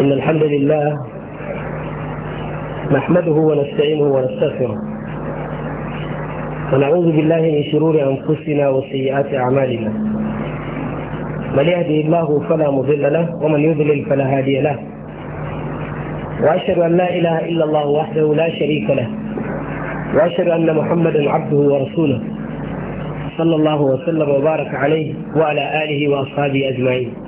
إن الحمد لله نحمده ونستعينه ونستغفره ونعوذ بالله من شرور أنفسنا وسيئات أعمالنا من يهدي الله فلا مضل له ومن يضلل فلا هادي له وأشهد أن لا إله إلا الله وحده لا شريك له وأشهد أن محمدا عبده ورسوله صلى الله وسلم وبارك عليه وعلى آله وأصحابه أجمعين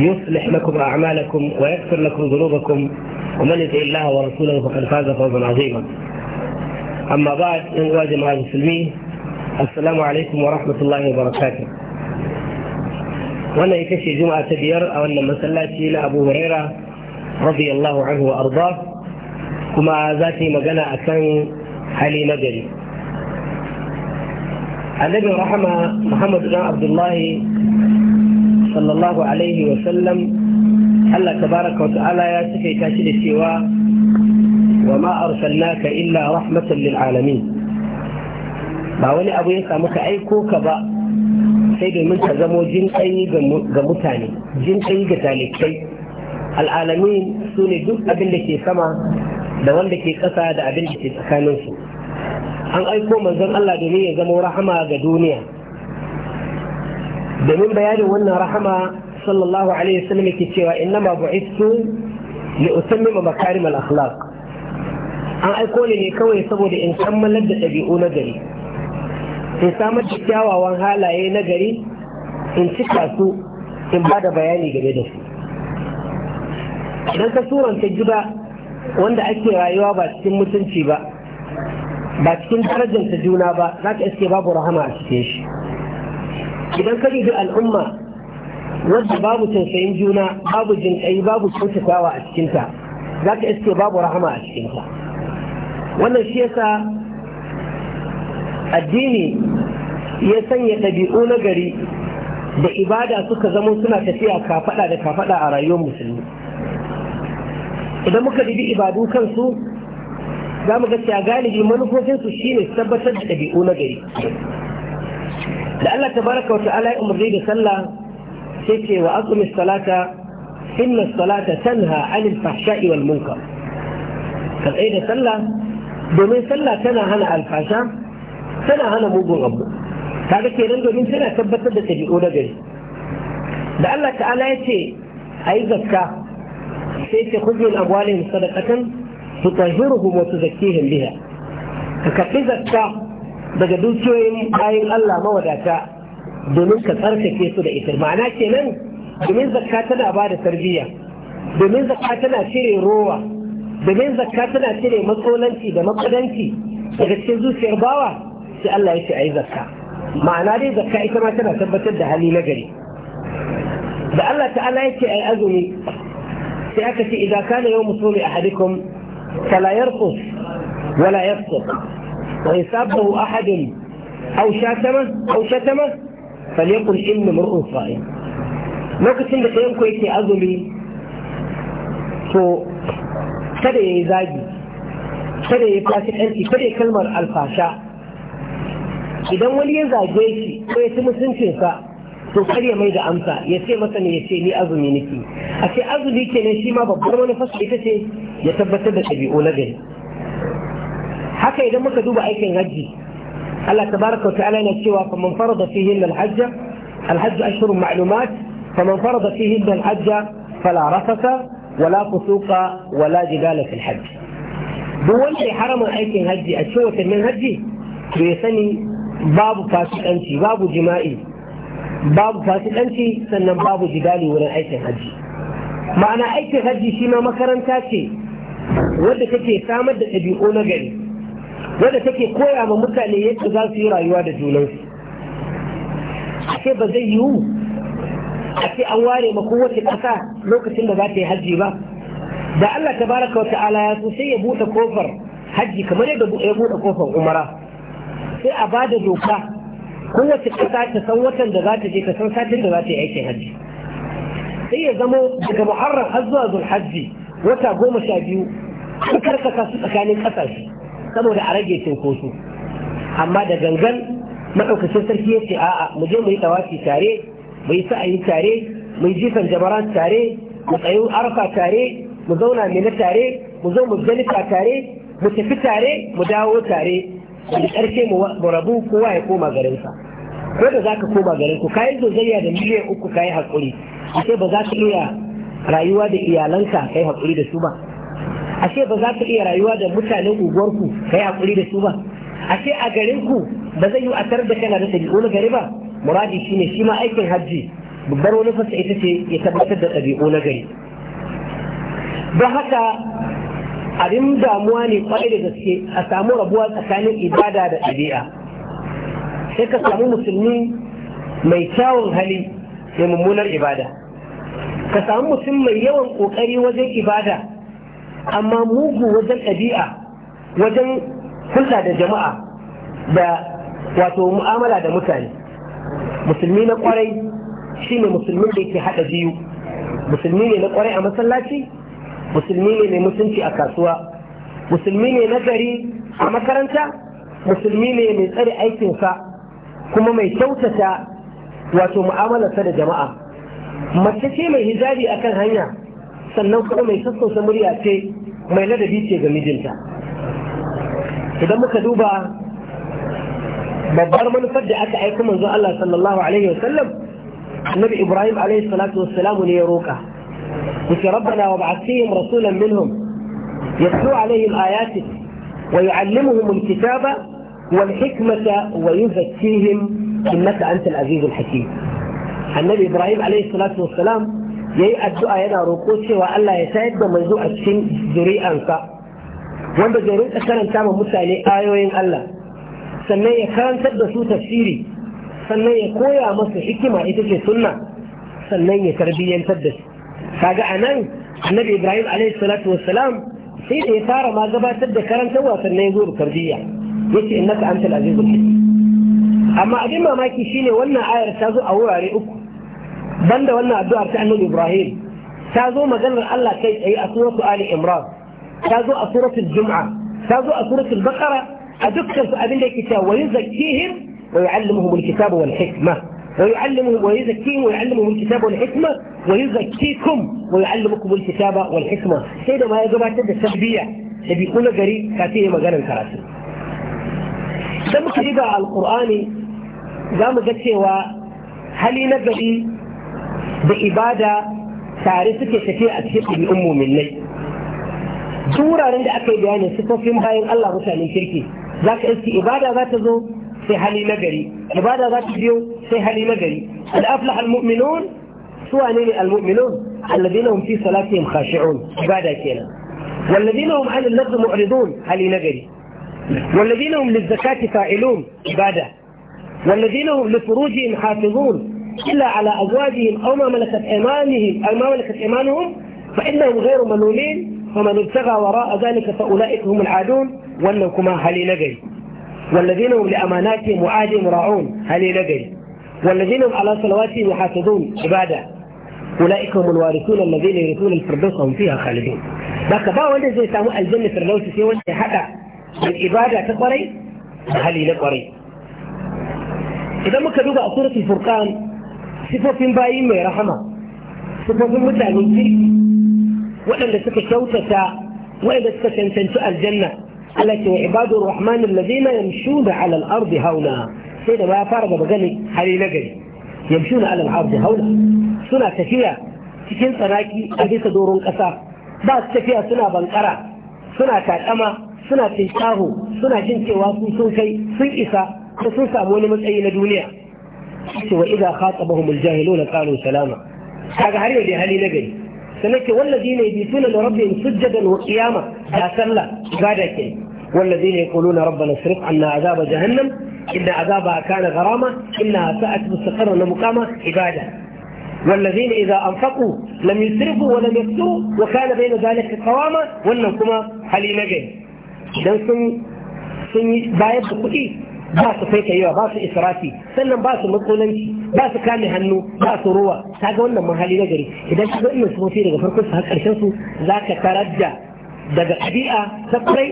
يصلح لكم أعمالكم ويغفر لكم ذنوبكم ومن يطع الله ورسوله فقد فاز فوزا عظيما أما بعد من واجب مع المسلمين السلام عليكم ورحمة الله وبركاته وأنا يكشي جمعة بير أو أن مسلاتي إلى أبو هريرة رضي الله عنه وأرضاه ومع ذاتي مجانا أكان علي مجري الذي رحم محمد بن عبد الله sallallahu alaihi wa Allah tabaraka wa ta'ala ya sifaita shi da cewa wa ma arsalnaka illa rahmatan lil alamin ba wani abu ya samu ka aiko ka ba sai domin ka zamo jin kai ga mutane jin kai ga talibai al'alamin su ne duk abin da ke sama da wanda ke ƙasa da abin da ke tsakaninsu an aiko manzon Allah domin ya zama rahama ga duniya domin bayanin wannan rahama sallallahu alaihi wasallam yake cewa ma bu'istu li utammima makarim al-akhlaq an aiko ne kawai saboda in kammalar da ɗabi'u na gari in samar da kyawawan halaye na gari in cika su in bada bayani game da su idan ka ta gida wanda ake rayuwa ba cikin mutunci ba ba cikin darajanta juna ba za ka iske babu rahama a cikin shi idan ka dubi al'umma wadda babu tausayin juna babu jinƙai babu kyautatawa a cikinta za ka iske babu rahama a cikinta wannan shi yasa addini ya sanya ɗabi'u na gari da ibada suka zama suna tafiya kafaɗa da kafaɗa a rayuwar musulmi idan muka dubi ibadu kansu za mu ga cewa galibi manufofinsu shine tabbatar da ɗabi'u na gari da Allah baraka wa ta'ala ya umarni da sallah sai ce wa aqimi salata inna salata tanha 'anil fahsha'i wal munkar ka da sallah domin sallah tana hana alfasha tana hana mugun abu kaga kenan domin tana tabbatar da tabi'u na gari da Allah ta'ala ya ce ayi zakka sai ce khudhu sadakatan, amwalihim sadaqatan tutahhiruhum wa tuzakkihim biha ka karɓi zakka daga dukiyoyin bayan Allah mawadata domin ka tsarkake su da ita ma'ana kenan domin zakka tana ba da tarbiyya domin zakka tana cire rowa domin zakka tana cire matsolanci da matsadanci daga cikin zuciyar bawa sai Allah ya ce ayi zakka ma'ana dai zakka ita ma tana tabbatar da hali na gari da Allah ta'ala ya ce ayi azumi sai aka ce idan kana yawmu sumi ahadikum fala yarqus wala yafsuq وإن سابه أحد أو شاتمه أو شتمه فليقل إن امرؤ صائم lokacin da ɗayan ku yake azumi to kada ya yi zagi kada ya yi fasikanci kada ya kalmar alfasha idan wani ya zage shi ko ya ci sa to kar ya mai da amsa ya ce masa ne ya ce ni azumi nake a ce azumi kenan shi ma babbar manufarsa ita ce ya tabbatar da ɗabi'u na gari haka idan muka duba aikin hajji Allah tabaraka wa ta'ala yana cewa fa man farada fihi al-hajj al-hajj ashhurun ma'lumat fa man farada fihi al-hajj fala rafasa wala fusuqa wala jidala fil hajj duk wanda ya harama aikin hajji a cikin watannin hajji to ya sani babu fasikanci babu jima'i babu fasikanci sannan babu jidali wurin aikin hajji ma'ana aikin hajji shi ma makaranta ce wadda take samar da ɗabi'u na gari wadda take koya ma mutane yadda za su yi rayuwa da junansu ce ba zai yiwu a ce an ware ma kowace ƙasa lokacin da za ta yi hajji ba da Allah ta baraka wa ta'ala ya so sai ya buɗe kofar hajji kamar yadda ya buɗe kofar umara sai a ba da doka kowace ƙasa ta san watan da za ta je ta san satin da za ta yi aikin hajji sai ya zamo daga muharram har zuwa zulhajji wata goma sha biyu an karkasa su tsakanin ƙasashe saboda a rage cinkoso amma da gangan maɗaukacin sarki ya ce a'a mu je mu yi tawafi tare mu yi sa'ayi tare mu yi jifan jabaran tare mu tsayu arfa tare mu zauna mina tare mu zo mu zalika tare mu tafi tare mu dawo tare da ƙarshe mu rabu kowa ya koma garinsa ko da za ka koma garin ku kayan zozayya da miliyan uku kayi haƙuri a ba za ka iya rayuwa da iyalanka kayi haƙuri da su ba ashe ba za ku iya rayuwa da mutanen unguwarku ka yi hakuri da su ba ashe a garin ku ba zai yi a da kana da ɗabi'u na gari ba muradi shine shi ma aikin hajji babbar wani fasa ita ce ya tabbatar da ɗabi'u na gari don haka abin damuwa ne kwarai da gaske a samu rabuwa tsakanin ibada da ɗabi'a sai ka samu musulmi mai kyawun hali mai mummunar ibada ka samu mutum mai yawan ƙoƙari wajen ibada amma mugu wajen ɗabi'a wajen hulɗa da jama'a da wato mu'amala da mutane musulmi na shi shine musulmin da yake haɗa biyu musulmi ne na ƙwarai a masallaci musulmi ne mai mutunci a kasuwa musulmi ne na gari a makaranta musulmi ne mai tsare aikinsa kuma mai kyautata wato mu'amalarsa da jama'a mace ce mai hijabi akan hanya sannan kuma mai sassauta murya ce mai ladabi ce ga mijinta idan muka duba babbar manufar da aka aika manzo Allah sallallahu alaihi wa sallam annabi Ibrahim alaihi salatu wassalam ne ya roka kuce rabbana wa ba'athihim rasulan minhum yatlu alaihim ayati wa yu'allimuhum alkitaba wal hikmata wa yuzakkihim innaka antal azizul hakim annabi Ibrahim alaihi salatu wassalam ya yi addu'a yana roƙo cewa Allah ya sayar da manzo a cikin zuri'ansa wanda zai ka karanta ma mutane ayoyin Allah sannan ya karantar da su tafsiri sannan ya koya masu hikima ita ce sunna sannan ya tarbiyyantar da su kaga a nan annabi ibrahim alaihi salatu wassalam sai da ya fara ma gabatar da karantarwa sannan ya zo da tarbiyya yace innaka antal azizul amma abin mamaki shine wannan ayar ta zo a wurare uku banda wannan addu'ar ta annabi Ibrahim ta zo maganar Allah kai tsaye a suratu Ali Imran ta zo a suratul Jum'a ta zo a suratul Baqara a dukkan su abin da yake cewa wa yuzakkihim wa yu'allimuhum alkitaba wal hikma wa yu'allimuhum wa yuzakkihim wa yu'allimuhum alkitaba wal hikma wa yuzakkikum wa yu'allimukum alkitaba wal hikma sai da ma ya gabatar da tarbiyya da bi kula gari kafin ya maganar karatu dan muka riga alqur'ani za mu ga cewa hali na gari da ibada tare suke tafiya a cikin ɗabi'un muminai duk wuraren da aka yi bayanin sifofin bayan Allah mutanen kirki za ka iske ibada za ta zo sai hali na gari ibada za ta biyo sai hali na gari al aflah al mu'minun su wane ne al mu'minun alladhina hum fi salatihim khashi'un ibada kenan walladhina hum 'ala al-lagwi mu'ridun hali na gari والذين هم للزكاة فاعلون عبادة والذين هم لفروجهم حافظون إلا على أزواجهم أو ما ملكت أيمانهم أو ما ملكت أيمانهم فإنهم غير ملولين فمن ابتغى وراء ذلك فأولئك هم العادون ولنكما هلي لقي والذين هم لأماناتهم وعادهم راعون هلي لقي والذين هم على صلواتهم يحافظون عبادة أولئك هم الوارثون الذين يرثون الفردوس هم فيها خالدون ذاك با وانا زي سامو الجنة firdausi sai wanda ya hada da ibada ta kwarai da hali na kwarai sifofin bayi mai rahama sifofin mutane kirki waɗanda suka kyautata waɗanda suka cancanci aljanna Allah ce wa ibadu rahman alladhina yamshuna ala al-ardi hauna sai da ya fara gaba gani hali na gari yamshuna ala al-ardi hauna suna tafiya cikin tsanaki a bisa doron ƙasa ba su tafiya suna bankara suna takama suna tinkaho suna jin cewa su sun kai sun isa da sun samu wani matsayi na duniya وإذا خاطبهم الجاهلون قالوا سلاما هذا هل يدي هل نجد سنك والذين يبيتون لربهم سجدا وقياما لا سلا والذين يقولون ربنا اصرف عنا عذاب جهنم إن عذابها كان غرامة إنها ساءت مستقرا ومقاما عبادة والذين إذا أنفقوا لم يسرفوا ولم يكتروا وكان بين ذلك قواما وأنكما هل نجد إذا سن سن بايد ba su kai yawa ba su israfi sannan ba su matsalanci ba su kame hannu ba su ruwa kaga wannan mahali na gari idan ka ga irin sufofi daga farkon su har karshen su za ka tarar da daga ɗabi'a ta kurai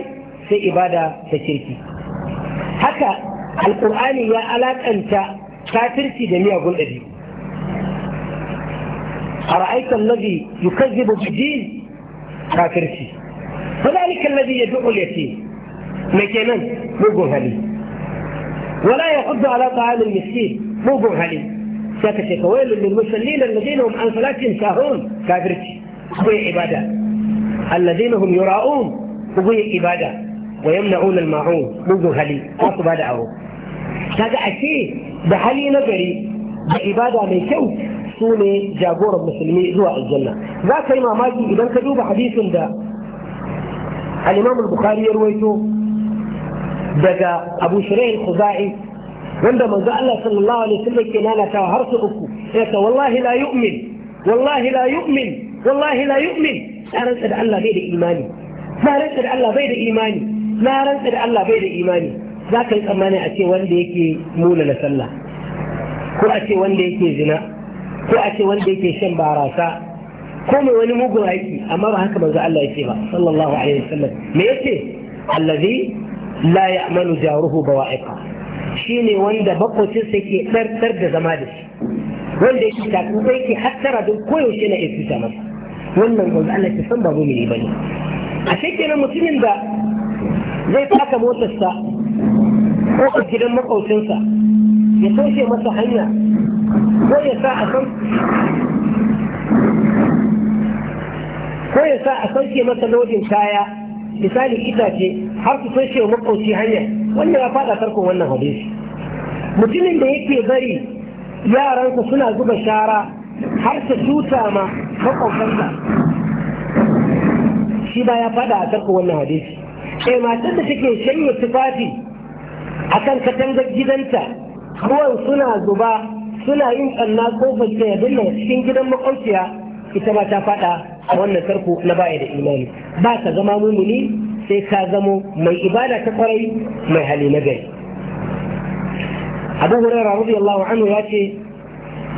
sai ibada ta kirki haka alƙur'ani ya alaƙanta kafirci da miyagun ɗabi'u a ra'aikan lazi yukazzibu bidin kafirci فذلك الذي يدعو اليتيم مكانا بوجه هذه ولا يحض على طعام المسكين مو موضوع عليه ساكت ويل للمسلين الذين هم عن صلاتهم ساهون كافرتي هو عبادة الذين هم يراؤون هو عبادة ويمنعون الماعون مو عليه خاص بعد هذا أكيد بحلي نظري بعبادة من كو سوني جابور المسلمين زوا الجنة ذاك ما ماجي إذا كدوب حديث ده الإمام البخاري يرويته daga abu shirai al-khuzai wanda manzo Allah sallallahu alaihi wasallam yake nana ta har su uku ya ta wallahi la yu'min wallahi la yu'min wallahi la yu'min na da Allah bai da imani na rantsa da Allah bai da imani na rantsa da Allah bai da imani za ka yi tsammani a ce wanda yake mula na sallah ko a ce wanda yake zina ko a ce wanda yake shan barasa ko mai wani mugun aiki amma ba haka manzo Allah yake ba sallallahu alaihi wasallam me yake allazi la ya'manu jaruhu shi ne wanda bakwacin sa yake tsartar da zama da shi wanda yake takuba ke hattara don koyaushe na iya cuta masa wannan gwanzu Allah ta san babu mini bane a shekenan mutumin da zai taka motarsa ko a gidan makwaucinsa ya toshe masa hanya ko ya sa a san ko ya sa a sauke masa lodin kaya misali itace har su sai ce makoci hanya wanda ya fada tarkon wannan hadisi mutumin da yake bari yaransa suna zuba shara har su cuta ma shi ba ya fada a tarkon wannan hadisi eh matar da take shanye tufafi a kan katangar gidanta ruwan suna zuba suna yin tsanna ko fashe ya dinna cikin gidan makwabciya ita ma ta faɗa a wannan tarko na baya da imani ba ta zama mumuni sai ka zamo mai ibada ta kwarai mai hali na gari abu hurairah radiyallahu anhu ya ce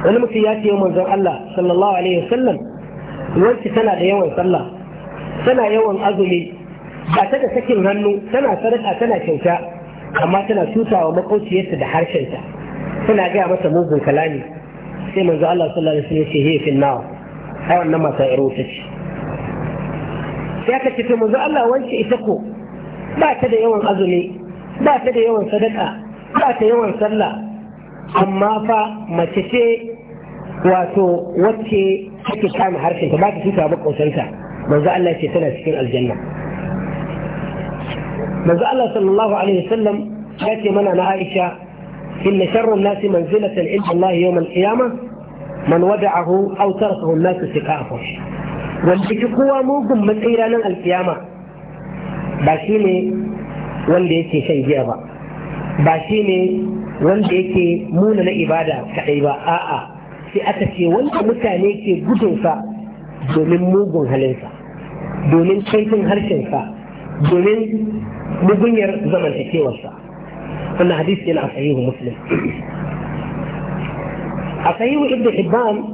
wani mutum ya ce manzon Allah sallallahu alaihi wasallam wanci tana da yawan sallah tana yawan azumi ba ta da sakin hannu tana sadaka tana kyauta amma tana tutawa makauciyarta da harshenta tana gaya mata mugun kalami sai manzon Allah sallallahu alaihi wasallam ya ce he fi nawa ai wannan mata iro ce sai aka ce to manzo Allah wance ita ko ba ta da yawan azumi ba ta da yawan sadaka ba ta yawan sallah amma fa mace ce wato wacce take kama harshen ta ba ta tuta ba kausanta manzo Allah ce tana cikin aljanna manzo Allah sallallahu alaihi wasallam ya ce mana na Aisha inna sharru an-nasi manzilatan inda Allah yawm al-qiyamah man wada'ahu aw tarakahu an-nasu siqa'ahu wanda fi kowa mugun matsayi ranar alfiyama, ba shi ne wanda yake shan giya ba ba shi ne wanda yake muna na ibada kaɗai ba a'a sai aka ce wanda mutane ke gudunsa domin mugun halinsa domin kaifin harshensa domin mugunyar zamantakewarsa wannan hadisi yana a sahihu muslim a sahihu ibn hibban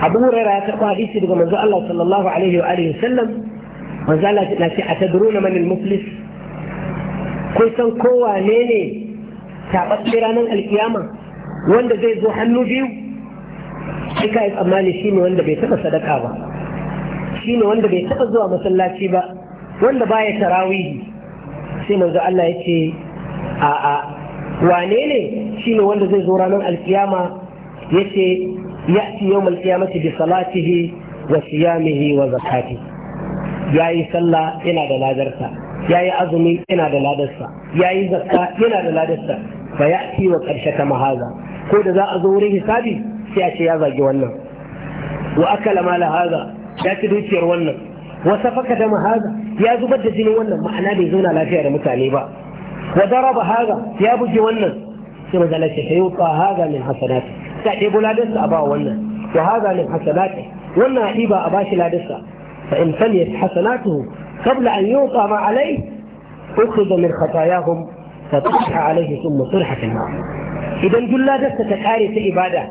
abu huraira ya karɓo hadisi daga manzo Allah sallallahu alaihi wa alihi sallam manzo Allah ya ce atadruna man al-muflis kun san kowa ne ne tabbatar ranar alkiyama wanda zai zo hannu biyu sai kai tsammani shine wanda bai taɓa sadaka ba shine wanda bai taɓa zuwa masallaci ba wanda baya tarawihi sai manzo Allah ya ce a'a wane ne shine wanda zai zo ranar alkiyama yace ya'ti yawmal qiyamati bi salatihi wa siyamihi wa zakati yayi sallah yana da ladarsa yayi azumi yana da ladarsa yayi zakka yana da ladarsa fa ya'ti wa qarshata mahaza ko da za a zo wurin hisabi sai a ce ya zagi wannan wa akala mala haza ya ci dukiyar wannan wa safaka da mahaza ya zubar da jinin wannan ma'ana bai zauna lafiya da mutane ba wa daraba haza ya buge wannan sai mazalace sai yuqa haza min hasanati ta a ɗebo ladarsa a bawa wannan to haza min hasanati wannan a ba a shi ladarsa fa in faniyat hasanatuhu qabla an yuqa ma alai ukhidha min khatayahum fa tusha alaihi sun surha fil ma'a idan duk ladarsa ta kare ta ibada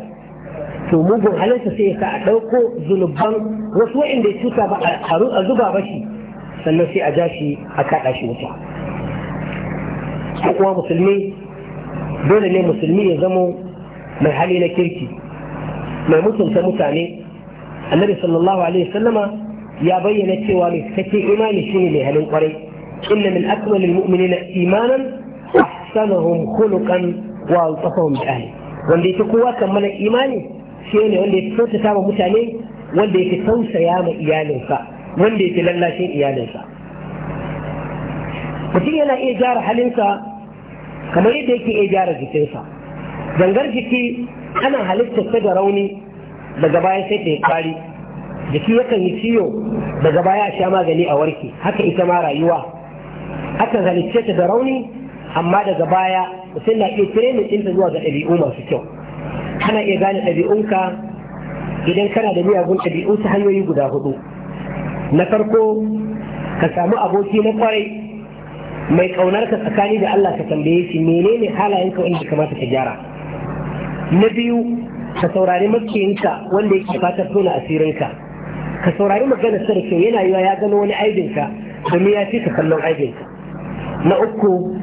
to mugun halinsa sai ya sa a ɗauko zunuban wasu wa'inda ya cuta ba a zuba shi sannan sai a ja shi a kaɗa shi wuta. ko uwa musulmi dole ne musulmi ya zamo mai hali na kirki mai mutunta mutane annabi sallallahu alaihi sallama ya bayyana cewa mai cikakken imani shine mai halin kwarai inna min akmalil mu'minina imanan ahsanahum khuluqan wa alsafahum bi ahli wanda yake kowa kammala imani shi ne wanda yake kyautata wa mutane wanda yake tausaya ma iyalinsa wanda yake lallashin iyalinsa mutum yana iya gyara halinsa kamar yadda yake iya gyara jikinsa gangar jiki ana halittar ta da rauni daga baya sai ta yi kwari jiki yakan yi ciwo daga baya a sha magani a warke haka ita ma rayuwa haka halitta ta da rauni amma daga baya mutum na iya training ɗinta zuwa ga ɗabi'u masu kyau ana iya gane ɗabi'unka idan kana da miyagun ɗabi'u ta hanyoyi guda hudu na farko ka samu aboki na kwarai mai ƙaunar ka tsakani da Allah ka tambaye shi menene halayenka wanda kamata ka gyara na biyu ka saurari makiyinka wanda yake fatar tona asirinka ka saurari maganar sarki yana yiwa ya gano wani aibinka domin ya fi ka kallon aibinka na uku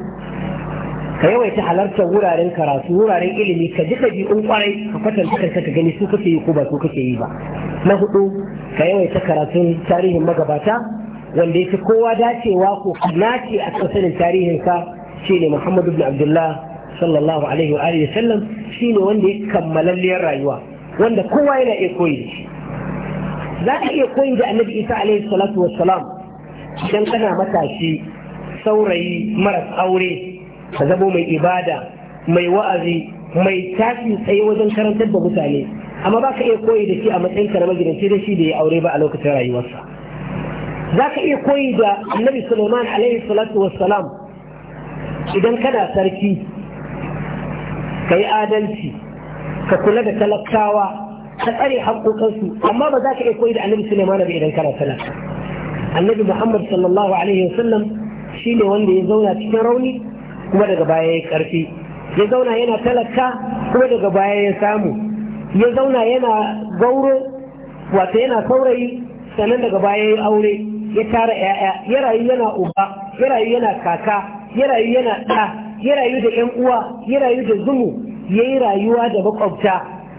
ka yawaita halartar wuraren karatu wuraren ilimi ka ji ɗabi'un kwarai ka kwatanta kanka ka gani su kake yi ko ba su kake yi ba na hudu ka yawaita karatun tarihin magabata wanda yake kowa dacewa ko nace a kan sanin tarihinsa shine Muhammadu ibn Abdullah sallallahu alaihi wa alihi sallam shine wanda ya kammalalliyar rayuwa wanda kowa yana iya koyi da shi za ka iya koyi da annabi isa alaihi salatu wassalam idan kana matashi saurayi maras aure ka zamo mai ibada mai wa'azi mai tashi tsaye wajen karantar da mutane amma ba ka iya koyi da shi a matsayin karamar gidanci da shi da ya aure ba a lokacin rayuwarsa za ka iya koyi da annabi suleiman alaihi salatu wassalam idan kana sarki ka yi adalci ka kula da talakawa ka tsare haƙoƙansu amma ba za ka iya koyi da annabi Suleiman ba idan kana talaka annabi Muhammad sallallahu alaihi wasallam shine wanda ya zauna cikin rauni kuma daga baya ya karfi ya zauna yana talaka kuma daga baya ya samu ya zauna yana gauro wato yana saurayi sannan daga baya ya aure ya tara 'ya'ya ya rayu yana uba ya rayu yana kaka ya rayu yana ɗa ya rayu da yan uwa ya rayu da zumu ya yi rayuwa da makwabta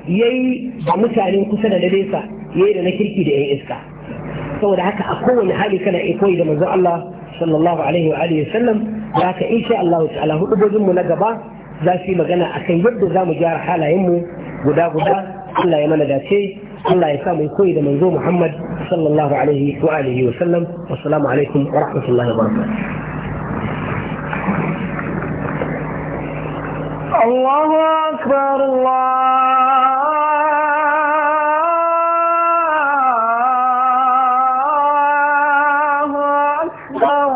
ya yi da mutanen kusa da na nesa ya yi da na kirki da yan iska saboda haka a kowane hali kana iya koyi da manzon Allah sallallahu alaihi wa alihi wasallam da haka insha Allah ta'ala hudubojin mu na gaba za su yi magana akan yadda za mu gyara halayen mu guda guda Allah ya mana dace Allah ya sa mu koyi da manzo Muhammad sallallahu alaihi wa alihi wasallam wassalamu alaikum wa rahmatullahi wa barakatuh الله أكبر الله أكبر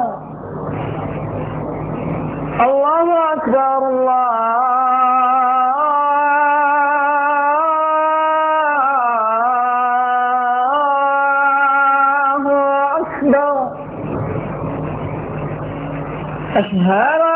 الله أكبر الله أكبر أشهد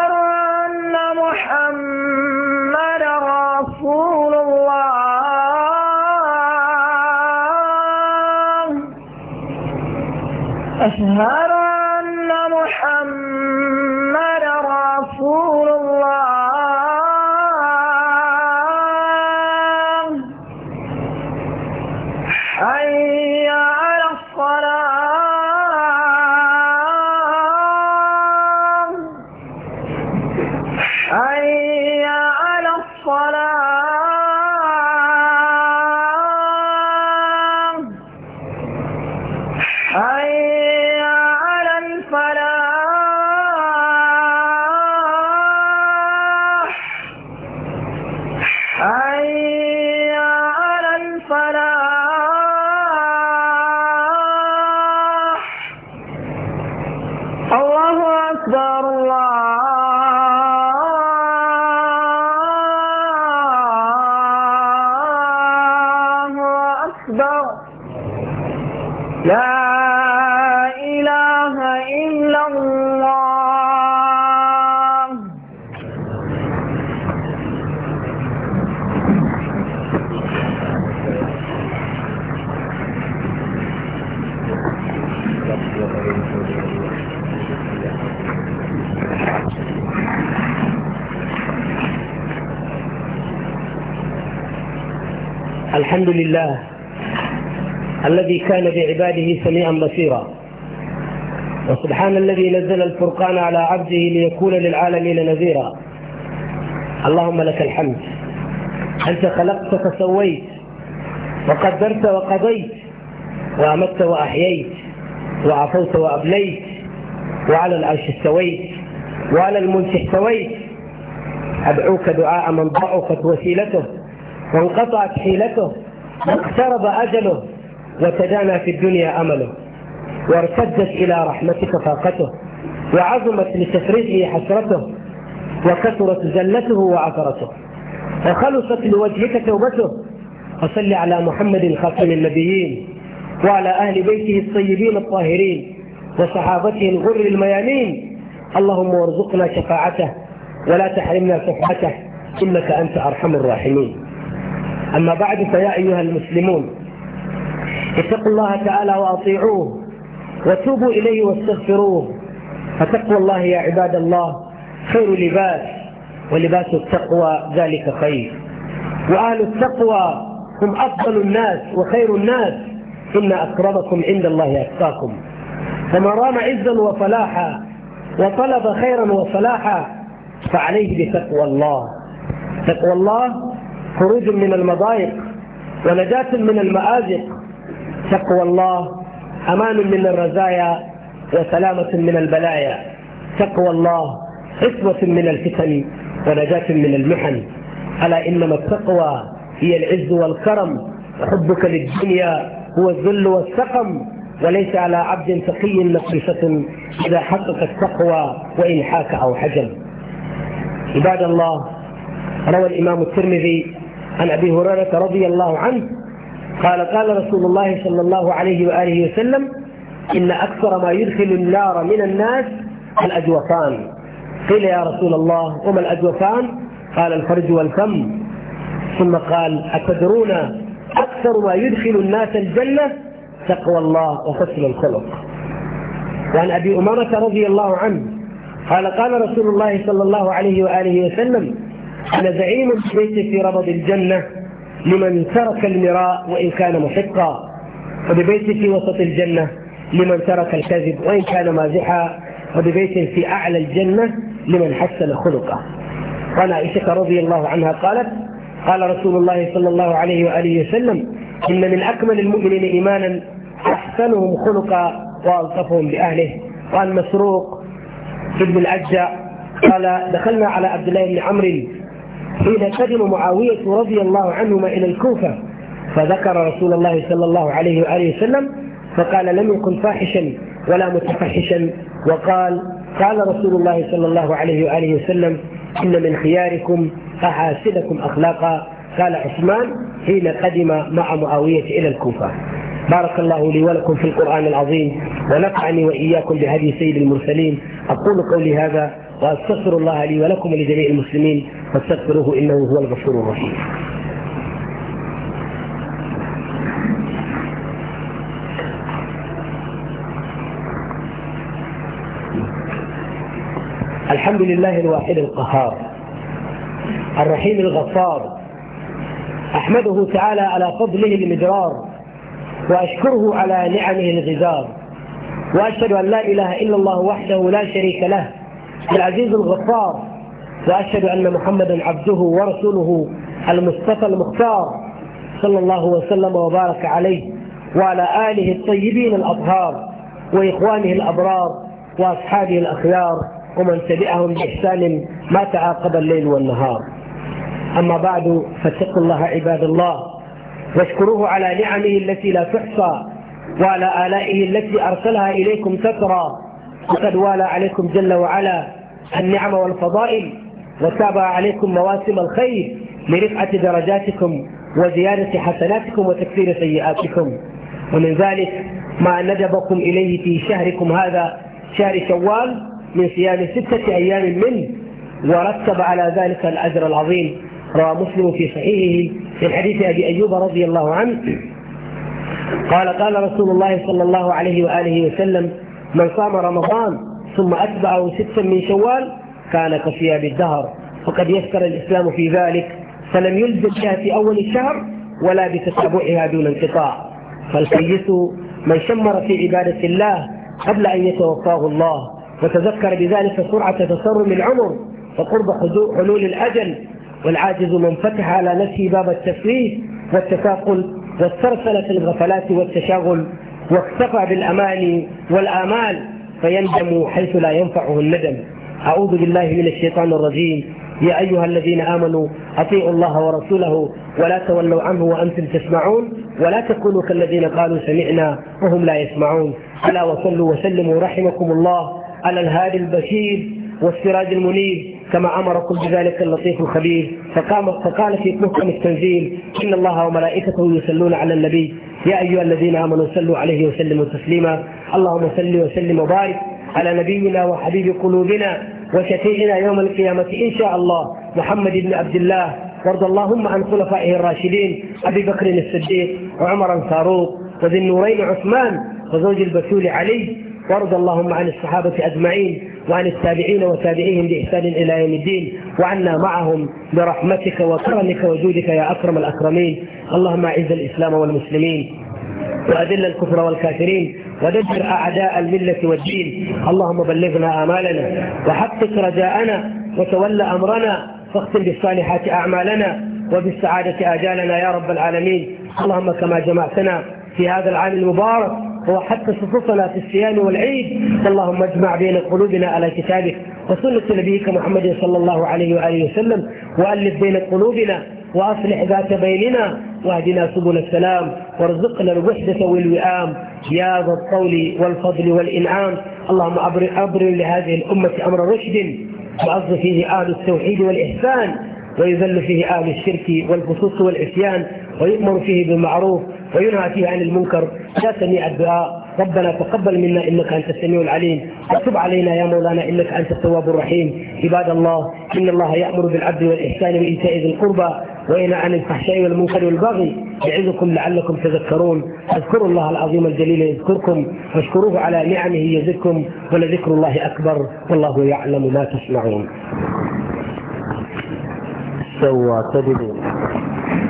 أشهار الحمد لله الذي كان بعباده سميعا بصيرا وسبحان الذي نزل الفرقان على عبده ليكون للعالمين نذيرا اللهم لك الحمد أنت خلقت فسويت وقدرت وقضيت وأمت وأحييت وعفوت وأبليت وعلى العرش استويت وعلى الملك استويت أدعوك دعاء من ضعفت وسيلته وانقطعت حيلته واقترب أجله وتدانى في الدنيا أمله وارتدت إلى رحمتك فاقته وعظمت لتفريجه حسرته وكثرت زلته وعثرته وخلصت لوجهك توبته فصل على محمد خاتم النبيين وعلى أهل بيته الطيبين الطاهرين وصحابته الغر الميامين اللهم وارزقنا شفاعته ولا تحرمنا صحبته إنك أنت أرحم الراحمين أما بعد فيا أيها المسلمون اتقوا الله تعالى وأطيعوه وتوبوا إليه واستغفروه فتقوى الله يا عباد الله خير لباس ولباس التقوى ذلك خير وأهل التقوى هم أفضل الناس وخير الناس إن أكرمكم عند الله أتقاكم فمن رام عزا وفلاحا وطلب خيرا وصلاحا فعليه بتقوى الله تقوى الله خروج من المضايق ونجاة من المآزق تقوى الله أمان من الرزايا وسلامة من البلايا تقوى الله عصمة من الفتن ونجاة من المحن ألا إنما التقوى هي العز والكرم حبك للدنيا هو الذل والسقم وليس على عبد تقي نقيصة إذا حقق التقوى وإن حاك أو حجم عباد الله روى الإمام الترمذي عن أبي هريرة رضي الله عنه قال قال رسول الله صلى الله عليه وآله وسلم إن أكثر ما يدخل النار من الناس الأجوفان قيل يا رسول الله وما الأجوفان قال الفرج والفم ثم قال أتدرون أكثر ما يدخل الناس الجنة تقوى الله وحسن الخلق وعن أبي أمامة رضي الله عنه قال قال رسول الله صلى الله عليه وآله وسلم أنا زعيم الشريك في ربض الجنة لمن ترك المراء وإن كان محقا وببيت في وسط الجنة لمن ترك الكذب وإن كان مازحا وببيت في أعلى الجنة لمن حسن خلقه وعن عائشة رضي الله عنها قالت قال رسول الله صلى الله عليه وآله وسلم إن من أكمل المؤمنين إيمانا أحسنهم خلقا وألطفهم بأهله وعن مسروق ابن العجة قال دخلنا على عبد الله بن عمرو حين قدم معاوية رضي الله عنهما إلى الكوفة فذكر رسول الله صلى الله عليه وآله وسلم فقال لم يكن فاحشا ولا متفحشا وقال قال رسول الله صلى الله عليه وآله وسلم إن من خياركم أحاسدكم أخلاقا قال عثمان حين قدم مع معاوية إلى الكوفة بارك الله لي ولكم في القرآن العظيم ونفعني وإياكم بهدي سيد المرسلين أقول قولي هذا وأستغفر الله لي ولكم ولجميع المسلمين فاستغفروه إنه هو الغفور الرحيم الحمد لله الواحد القهار الرحيم الغفار أحمده تعالى على فضله المدرار وأشكره على نعمه الغزار وأشهد أن لا إله إلا الله وحده لا شريك له العزيز الغفار وأشهد أن محمدا عبده ورسوله المصطفى المختار صلى الله وسلم وبارك عليه وعلى آله الطيبين الأطهار وإخوانه الأبرار وأصحابه الأخيار ومن تبعهم بإحسان ما تعاقب الليل والنهار أما بعد فاتقوا الله عباد الله واشكروه على نعمه التي لا تحصى وعلى آلائه التي أرسلها إليكم تترى وقد والى عليكم جل وعلا النعم والفضائل وتابع عليكم مواسم الخير لرفعة درجاتكم وزيادة حسناتكم وتكفير سيئاتكم ومن ذلك ما ندبكم إليه في شهركم هذا شهر شوال من صيام ستة أيام منه ورتب على ذلك الأجر العظيم روى مسلم في صحيحه من حديث أبي أيوب رضي الله عنه قال قال رسول الله صلى الله عليه وآله وسلم من صام رمضان ثم أتبعه ستا من شوال كان كصيام الدهر فقد يسر الإسلام في ذلك فلم يلزم بها في أول الشهر ولا بتتابعها دون انقطاع فالقيس من شمر في عبادة الله قبل أن يتوفاه الله وتذكر بذلك سرعة تسرم العمر وقرب حلول الأجل والعاجز من فتح على نفسه باب التفريط والتثاقل والسرسلة الغفلات والتشاغل واكتفى بالأماني والآمال فيندم حيث لا ينفعه الندم أعوذ بالله من الشيطان الرجيم يا أيها الذين آمنوا أطيعوا الله ورسوله ولا تولوا عنه وأنتم تسمعون ولا تكونوا كالذين قالوا سمعنا وهم لا يسمعون ألا وصلوا وسلموا رحمكم الله على الهادي البشير والسراج المنير كما أمركم بذلك اللطيف الخبير فقام فقال في محكم التنزيل إن الله وملائكته يصلون على النبي يا أيها الذين آمنوا صلوا عليه وسلموا تسليما اللهم صل وسلم وبارك على نبينا وحبيب قلوبنا وشفيعنا يوم القيامة إن شاء الله محمد بن عبد الله وارض اللهم عن خلفائه الراشدين أبي بكر الصديق وعمر الفاروق وذي النورين عثمان وزوج البتول علي وارض اللهم عن الصحابة أجمعين وعن التابعين وتابعيهم بإحسان إلى يوم الدين وعنا معهم برحمتك وكرمك وجودك يا أكرم الأكرمين اللهم أعز الإسلام والمسلمين وأذل الكفر والكافرين ودبر أعداء الملة والدين اللهم بلغنا آمالنا وحقق رجاءنا وتول أمرنا واختم بالصالحات أعمالنا وبالسعادة آجالنا يا رب العالمين اللهم كما جمعتنا في هذا العام المبارك وحتى صفوفنا في الصيام والعيد اللهم اجمع بين قلوبنا على كتابك وسنة نبيك محمد صلى الله عليه وآله وسلم وألف بين قلوبنا وأصلح ذات بيننا واهدنا سبل السلام وارزقنا الوحدة والوئام يا ذا الطول والفضل والإنعام اللهم أبرم لهذه الأمة أمر رشد وأصل فيه أهل التوحيد والإحسان ويذل فيه أهل الشرك والفسوق والعصيان ويؤمر فيه بالمعروف وينهى فيه عن المنكر يا سميع الدعاء ربنا تقبل منا انك انت السميع العليم وتب علينا يا مولانا انك انت التواب الرحيم عباد الله ان الله يامر بالعدل والاحسان وايتاء ذي القربى وينهى عن الفحشاء والمنكر والبغي يعظكم لعلكم تذكرون اذكروا الله العظيم الجليل يذكركم واشكروه على نعمه يزدكم ولذكر الله اكبر والله يعلم ما تصنعون سوى تدبوا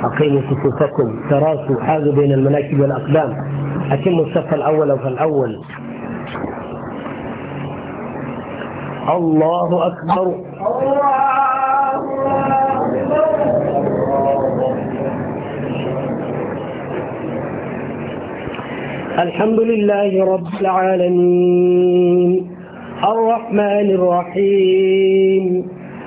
أقيموا صفوفكم تراسوا حاذوا بين المناكب والأقدام أتموا الصف الأول أو فالأول الله أكبر الحمد لله رب العالمين الرحمن الرحيم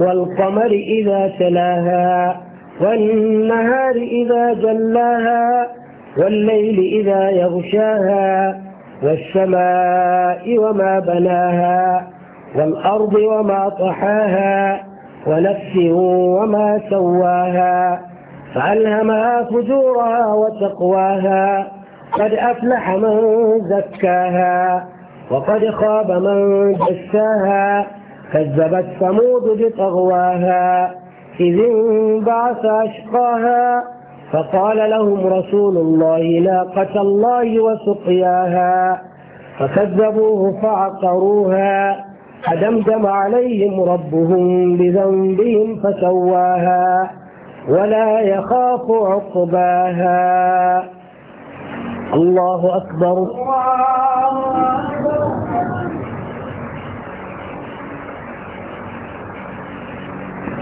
والقمر إذا تلاها والنهار إذا جلاها والليل إذا يغشاها والسماء وما بناها والأرض وما طحاها ونفس وما سواها فألهمها فجورها وتقواها قد أفلح من زكاها وقد خاب من دساها كذبت ثمود بطغواها إذ انبعث أشقاها فقال لهم رسول الله ناقة الله وسقياها فكذبوه فعقروها فدمدم عليهم ربهم بذنبهم فسواها ولا يخاف عقباها الله أكبر الله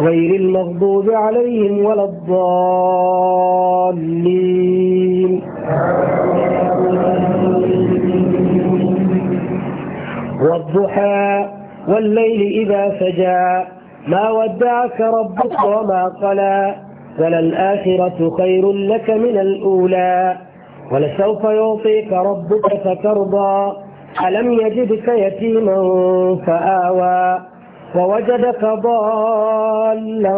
غير المغضوب عليهم ولا الضالين والضحى والليل إذا سجى ما ودعك ربك وما قلى وللآخرة خير لك من الأولى ولسوف يعطيك ربك فترضى ألم يجدك يتيما فآوى ووجدك ضالا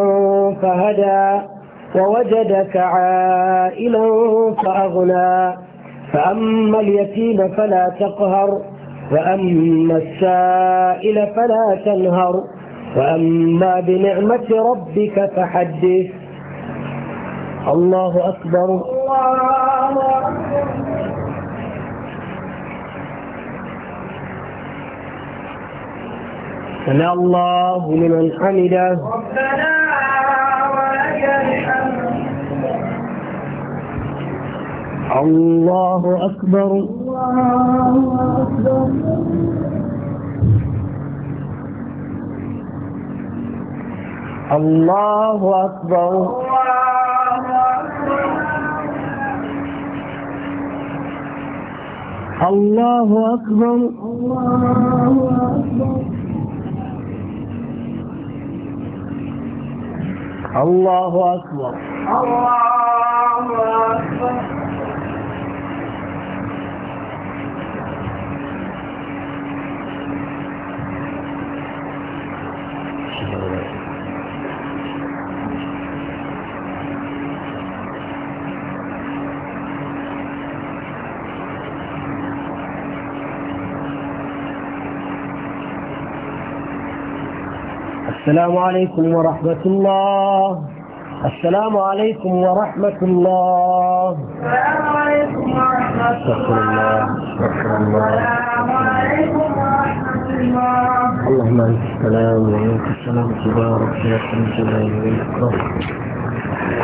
فهدى ووجدك عائلا فأغنى فأما اليتيم فلا تقهر وأما السائل فلا تنهر وأما بنعمة ربك فحدث الله أكبر الله أكبر سمع الله لمن حمده ربنا ولك الحمد الله أكبر الله أكبر الله أكبر الله أكبر الله أكبر الله أكبر الله أكبر السلام عليكم ورحمة الله السلام عليكم ورحمة الله السلام عليكم ورحمة الله استغفر الله السلام عليكم ورحمة الله اللهم أنت السلام ومنك السلام تبارك يا سيدي إليك